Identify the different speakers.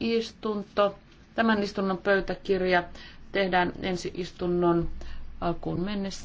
Speaker 1: istunto, tämän istunnon pöytäkirja tehdään ensi istunnon alkuun mennessä.